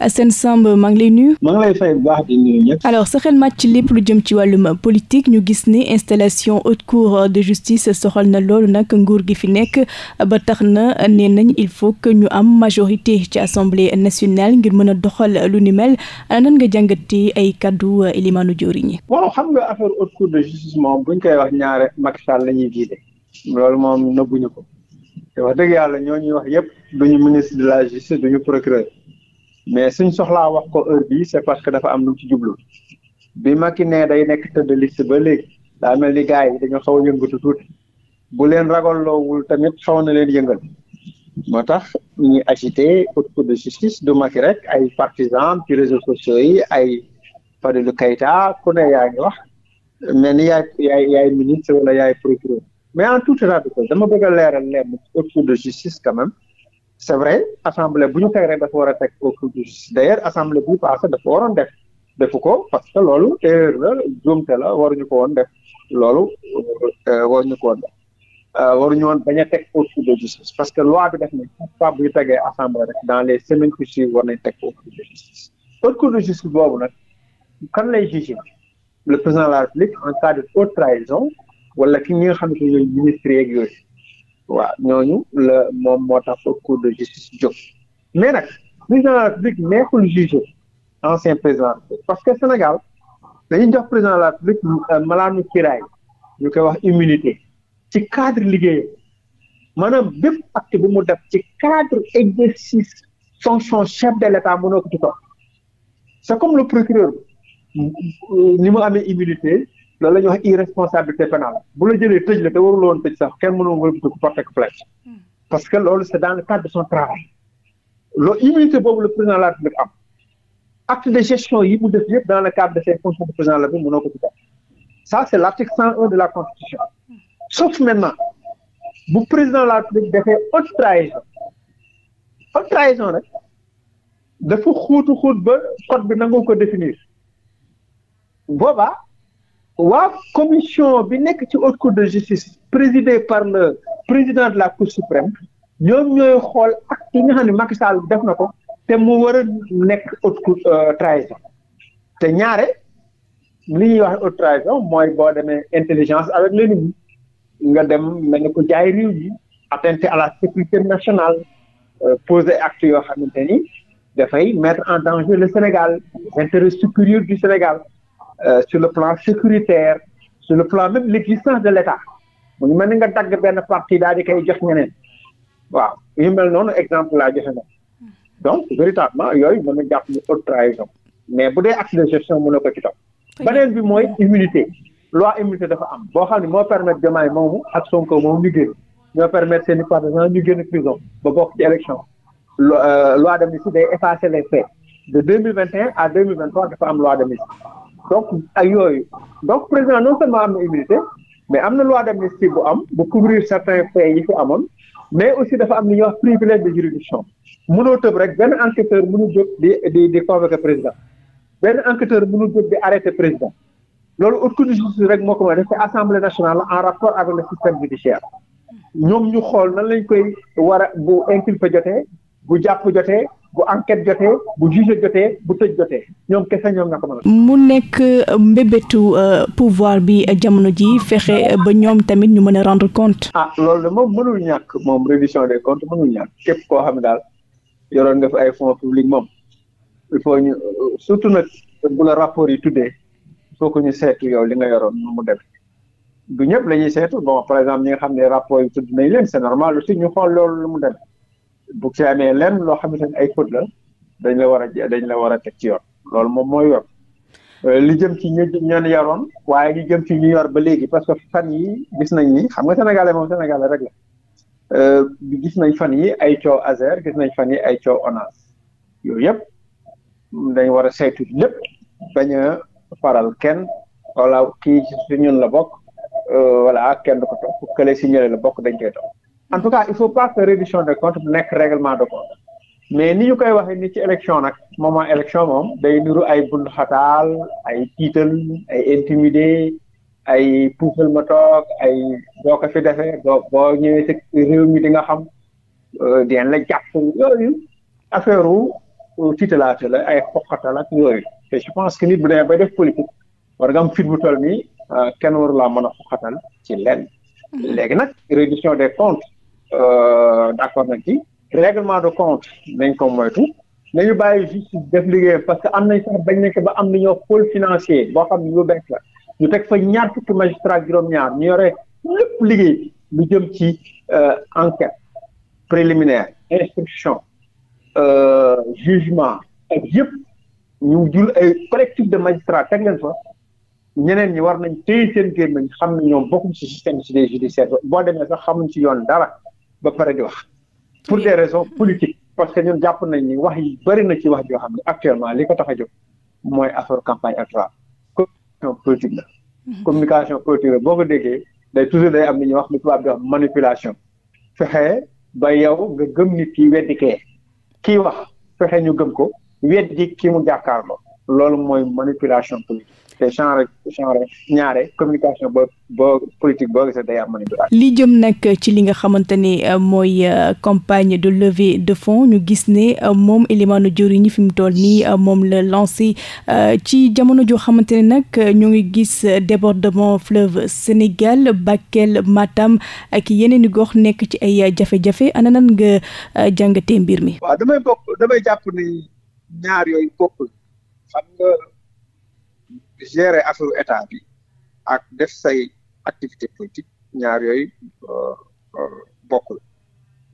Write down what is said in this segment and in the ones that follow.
Assane ah, Samb maa ngi lay lay fay bu baax di nuyu ñëpp. alors sa xel màcc lépp lu jëm ci wàllum politique ñu gis ni installation haute cour de justice soxal na loolu nag nguur gi fi nekk ba tax na nee nañ il faut que ñu am majorité ci assemblée nationale ngir mën a doxal lu ni mel ah, nan nga jàngatee ay kaddu euh, Elimane Diori ñi. waaw xam nga affaire haute cour de justice moom buñ koy wax ñaare Macky Sall la ñuy jiite loolu moom nëbbuñu ko te wax dëgg yàlla ñoo ñuy wax yëpp duñu ministre de la mais suñ soxlaa wax ko heure bi c'est parce que dafa am lu ci jublu bi Macky ne day nekk tëdd liste ba léegi daa mel ni gars yi dañoo xaw a yëngatu tuuti bu leen ragalloowul tamit xaw na leen yëngal moo tax ñu agité autour de justice du Macky rek ay partisans ci réseaux sociaux yi ay Fadilou Keïta ku ne yaa ngi wax mel ni yaay yaay yaay ministre wala yaay procureur mais en tout état de cause dama bëgg a leeral leen autour de justice quand même c' est vrai assemblée bu ñu koy rek dafa war a teg au coup du d' ailleurs assemblée bu passé dafa waroon def defu ko parce que loolu erreur la juumte la waruñu ko woon def loolu euh, waruñu ko woon def euh, waruñu woon bañ a teg au coup de justice parce que loi bi def nañ fois bu ñu tegee assemblée rek dans les semaines qui suivent war nañ teg au coup de justice boobu nag kan lay juger le président de la république en cas de haute trahison wala ki ñi nga xamante ne ñooy ministres yeeg yooyu waaw ñooñu la moom moo tax fa cour de justice jóg mais nag président de la république neexul ancien président parce que Sénégal dañuy jox président de la république euh, malaanu kiraay ñu koy wax immunité ci cadre liggéeyam maanaam bépp acte bu mu def ci cadre exercice fonction chef de l' état mënoo ko ci comme le procureur euh, ni mu amee immunité loolu la ñuy wax irresponsabilité pénale bu la jëlee tëj la te warul woon tëj sax kenn mënul woon nga ko porter plainte hmm. parce que loolu c' est dans le cadre de son travail loolu immunité boobu le président de la République am acte de gestion yi mu def yëpp dans le cadre de ses fonctions de président la bi mënoo ko ci def ça c' est l' article 101 de la constitution sauf maintenant bu président de la République defee haute trahison haute trahison rek dafa ba code bi nangoo ko définir boobaa. waa commission bi nekk ci haute cour de justice présidée par le président de la cour suprême ñoom ñooy xool acte yi nga xam ne def na ko te mu war a nekk haute cour euh, trahison te ñaare li ñuy wax haute trahison mooy boo demee intelligence avec l'ennemi nga dem mel ni ko jaay réew yi atteinte à la sécurité nationale euh, poser acte yoo xamante ni dafay mettre en danger le Sénégal l'intérêt supérieur du Sénégal euh, sur le plan sécuritaire sur le plan même l'existence de l'État mu ngi mel ni nga dagg benn parti daal di koy jox ñeneen waaw yu mel noonu exemple laa joxe na donc véritablement yooyu mën na jàpp ni haute trahison mais bu dee acte de gestion mën na ko ci topp beneen bi mooy immunité loi immunité dafa am boo xam ne moo permettre Diomaye moomu ak Sonko moomu ñu ñoo permettre seen i partisans ñu génn prison ba bokk ci élection euh, loi d'amnistie day effacer les faits de deux mille à deux mille vingt trois dafa donc ay yooyu donc président non seulement am na immunité mais am na loi d'amnistie bu am bu couvrir certains faits yi fi amoon mais aussi dafa am li ñuy wax privilège de juridiction mënoo tëb rek benn enquêteur mënu jot di di di convoquer président benn enquêteur mënu jóg di arrêter président loolu haute cour de justice rek moo ko mën a def c'est assemblée nationale en rapport avec le système judiciaire ñoom ñu xool nan lañ koy war a bu inculpé jote bu jàpp jote bu enquête jotee bu juge jotee bu tëj jotee ñoom kese ñoom na ko mën a. mu nekk euh, mbébétu euh, pouvoir bi euh, jamono ji fexe ba ñoom tamit ñu mën a rendre compte. ah loolu de moom mënul ñàkk moom reddition de comptes mënul ñàkk képp koo xam ne daal yoroon nga fi ay fonds publics moom il faut ñu surtout nag bu la rapport yi tuddee il faut que ñu seetu yow li nga yoroon nu mu demee du ñëpp la ñuy seetu bon par exemple ñi nga xam ne rapport yi tudd nañ leen c'est normal aussi ñu xool loolu lu mu demee. bu ci amee lenn loo xamante ne ay faute la dañ la war a dañ la war a teg ci yoon loolu moom mooy yoon euh, li jëm ci ñu ñoon yaroon waaye li jëm ci ñu yor ba léegi parce que fan yi gis nañ ni xam nga sénégalais moom sénégalais rek la euh, gis nañ fan yi ay coow Azer gis nañ fan yi ay coow ONAS yooyu yëpp dañ war a saytu lépp bañ a faral kenn wala kii si ñun la bokk wala euh, voilà kenn du ko topp kële si ñële la bokk dañ koy topp en tout cas il faut pas que reddition des comptes nekk règlement de compte mais ni ñu koy waxee ni ci élection nag moment élection moom day niru ay bund xataal ay tiital ay intimidé ay puusal ma ay boo ko fi defee boo boo ñëwee ci réew mi di nga xam euh, dinañ la jàpp yooyu affaire u euh, tiitalaate la ay xoqatal ak je pense que nit bu demee bay def politique war nga am fit bu toll nii euh, kenn waru laa mën a xoqatal ci lenn mm-hmm. léegi nag reddition des comptes Euh, d' accord nañ ci règlement de compte nañ ko moytu nañu bàyyi justice def liggéeyam parce que am nañ sax bañ nañ ko ba am nañoo pôle financier boo xam ne lu bees la ñu teg fa ñaar fukki magistrat juróom-ñaar ñu yore lépp liggéey lu jëm ci euh, enquête préliminaire instruction euh, jugement ak yëpp ñu jul ay collectif de magistrats teg leen fa ñeneen ñi war nañ téye seen gémmiñ xam ne ñoom bokkuñ ci système si des judiciaires boo demee sax xamuñ ci yoon dara ba pare di wax pour des raisons politiques parce que ñoom jàpp nañ ni wax yi bëri na ci wax joo xam ne actuellement li ko tax a jóg mooy affaire campagne électorale communication politique la mhm. communication politique la boo ko déggee day toujours day am ni ñuy wax lu tubaab di wax manipulation fexe ba yow nga gëm nit ki weddi kee kii wax fexe ñu gëm ko weddi ki mu jàkkaarloo loolu mooy manipulation politique te genre genre ñaare li jëm nag ci li nga xamante ne euh, mooy euh, campagne de levée de fonds ñu gis ne euh, moom Elimane Diori ñi fi mu toll nii moom la lancé ci jamono joo xamante ne nag ñu ngi gis débordement fleuve Sénégal Bakel Matam ak yeneen i gox nekk ci ay jafe-jafe ana nan nga jàngatee mbir mi. waaw damay bokk damay jàpp ni ñaar yooyu bokkul xam nga. gérer affaire état bi ak def say activité politique ñaar yooyu euh, euh, bokkul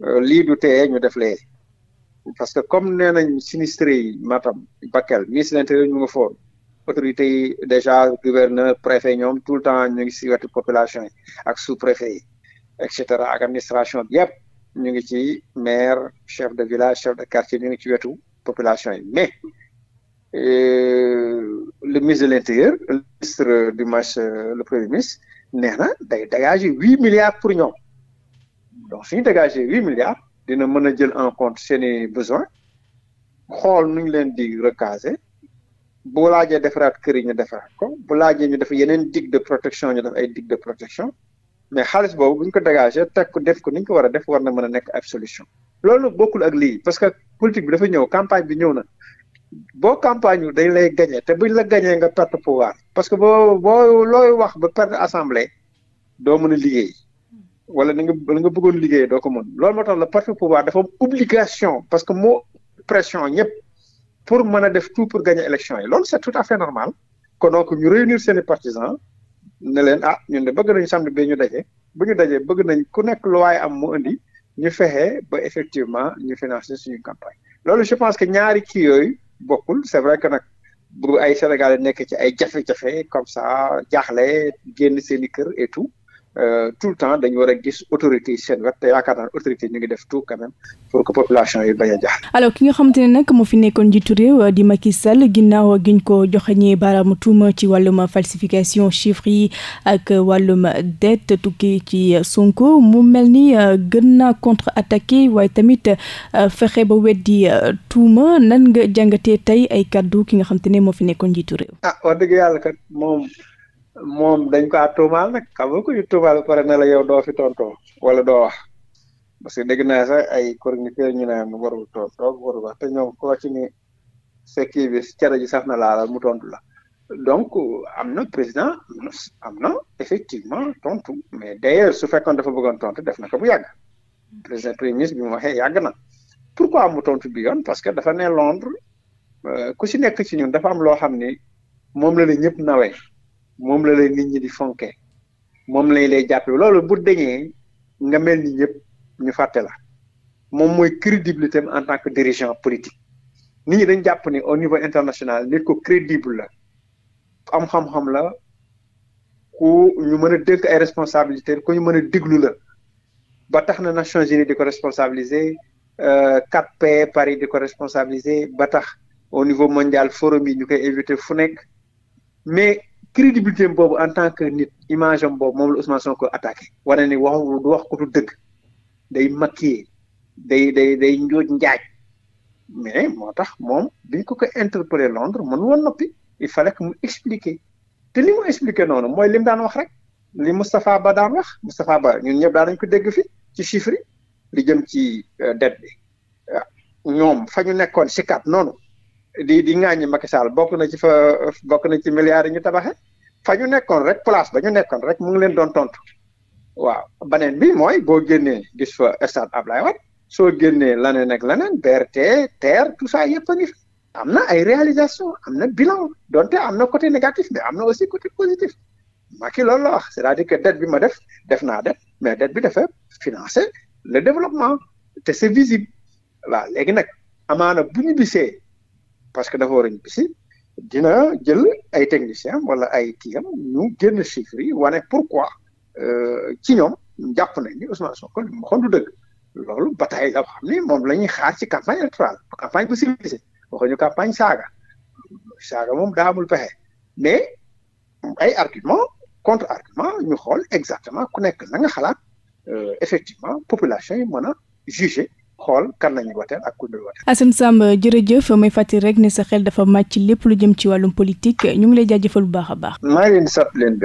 euh, lii du tee ñu def lee parce que comme nee nañ sinistré yi Matam Bakel ministre de l'intérieur ñu nga foon autorités yi déjà gouverneur préfet ñoom tout le temps ñu ngi si wetu population yi ak sous préfet yi et cetera ak administration bi yëpp ñu ngi ci maire chef de village chef de quartier ñu ngi ci wetu population yi mais le ministre de l'intérieur le ministre du marché le premier ministre nee na day dégager huit milliards pour ñoom donc suñu dégager huit milliards dina mën a jël en compte seeni besoin xool nu ñu leen di recaser bu laajee defaraat kër yi ñu defaraat ko bu laajee ñu def yeneen digue de protection ñu def ay digue de protection mais xaalis boobu bu ko dégager teg ko def ko ni ñu ko war a def war na mën a nekk ab solution loolu bokkul ak lii parce que politique bi dafa ñëw campagne bi ñëw na boo campagne dañ lay gagné te buñ la gañee nga perte pouvoir parce que boo boo looy wax ba perte assemblée doo mën a liggéey wala ni nga ni nga liggéey doo ko mën loolu moo tax la parti pouvoir dafa am obligation parce que moo pression ñëpp pour mën a def tout pour gagner élection yi loolu c'est tout à fait normal kon donc ñu réunir seen i ne leen ah ñun de bëgg nañu samedi bi ñu daje bu ñu dajee bëgg nañ ku nekk lu waaye am mu indi ñu fexe ba effectivement ñu financer suñu campagne loolu je pense que ñaari kii yooyu. bokkul c'est vrai que nag bu ay sénégal nekk ci ay jafe-jafe comme ça jaaxle génn seen i kër et tout Euh, tout le temps dañu war a gis autorité yi seen wet te yaakaar naa autorité ñu ngi def tout quand pour que population yi bañ a jax alors ki nga xamante ne nag moo fi nekkoon njiitu réew di Macky ginnaaw a giñ ko joxeñee baaraamu tuuma ci wàllum falsification chiffres yi ak wàllum dette tukki ci Sonko mu mel ni euh, gën naa contre attaqué waaye tamit euh, fexe ba weddi ma nan nga jàngatee tey ay kaddu ki nga xamante ne moo fi nekkoon njiitu réew. ah wax dëgg yàlla moom dañ ko tuumaal na xam nga ko ñu tuumaal pare na la yow doo fi tontoo wala doo wax parce que dégg naa sax ay chroniqueur ñu naan warul tontoo warul wax te ñoom koo ci ni sekki bi cere ji saf na mu tontu la donc am na président am na effectivement tontu mais d'ailleurs su fekkoon dafa bëggoon tontu def na ko bu yàgg président premier bi mu waxee yàgg na pourquoi mu tontu bi yoon parce que dafa ne Londres euh, ku si nekk ci ñun dafa am loo xam ni moom la la ñëpp nawee moom la lay nit ñi di fonke moom lañ lay jàppe loolu bu deñee nga mel ñi ñëpp ñu fàtte la moom mooy crédibilité am en tant que dirigeant politique nit ñi dañ jàpp ni au niveau international nit ko crédible la am xam-xam la ku ñu mën a dénk ay responsabilité ku ñu mën a diglu la ba tax na Nations Unies di ko responsabiliser 4P euh, Paris di ko responsabiliser ba tax au niveau mondial forum yi ñu koy invité fu nekk mais crédibilité boobu en tant que nit image boobu moom la Ousmane Sonko attaqué wane ni wax du wax ko du dëgg day maquillé day day day njooj njaaj mais moo tax moom biñ ko ko interpellé Londres mënu woon noppi i fallait que mu expliquer te li mu expliqué noonu mooy lim daan wax rek li Moustapha Ba daan wax Moustapha Ba ñun ñëpp daan nañ ko dégg fi ci chiffre li jëm ci euh, dette bi euh, ñoom fa ñu nekkoon si kat noonu di di ŋàññi Macky Sall bokk na ci fa bokk na ci milliards yi ñu tabaxee fa ñu nekkoon rek place ba ñu nekkoon rek mu ngi leen doon tontu waaw beneen bi mooy boo génnee gis fa stade Ablaye Wade soo génnee leneen ak leneen BRT TER tout ça yëpp a ngi am na ay réalisation am na bilan donte am na côté négatif mais am na aussi côté positif Macky loolu la wax c'est-à-dire que dette bi ma def def naa dette mais dette bi dafa financé le développement te c'est visible waaw léegi nag amaana bu ñu bisee parce que dafa war a dina jël ay technicien wala ay kiyam ñu génn chiffres yi wane pourquoi euh, ci ñoom jàpp nañ ni Ousmane Sonko li mu waxoon du dëgg loolu bataille la xam ni moom la ñuy xaar ci campagne électorale campagne bu o waxuñu campagne saaga saaga moom daamul amul pexe mais ay argument contre argument ñu xool exactement ku nekk na nga xalaat euh, effectivement population yi mën a xool kan lañuy woteel ak ku dul woteel. Assane Samb jërëjëf may fàttali rek ne sa xel dafa màcc lépp lu jëm ci wàllum politique ñu ngi lay jaajëfal bu baax a baax.